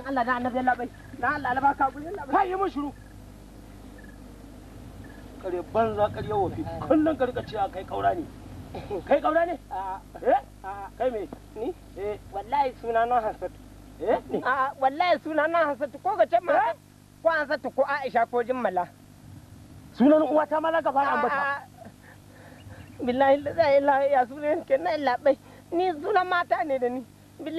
dan Allah annabi dan Allah mun shiru kare banza kare wafi kullun ka kai kaura ne kai kaura ne eh kai me ni eh wallahi suna na hasatu eh a wallahi suna na hasatu ko ga can ma eh? ko hasatu ko Aisha ko Jummala sunan uwata ma zaka fara ambata billahi la ilaha illa sunan kenan labai ni sunan mata ne da ni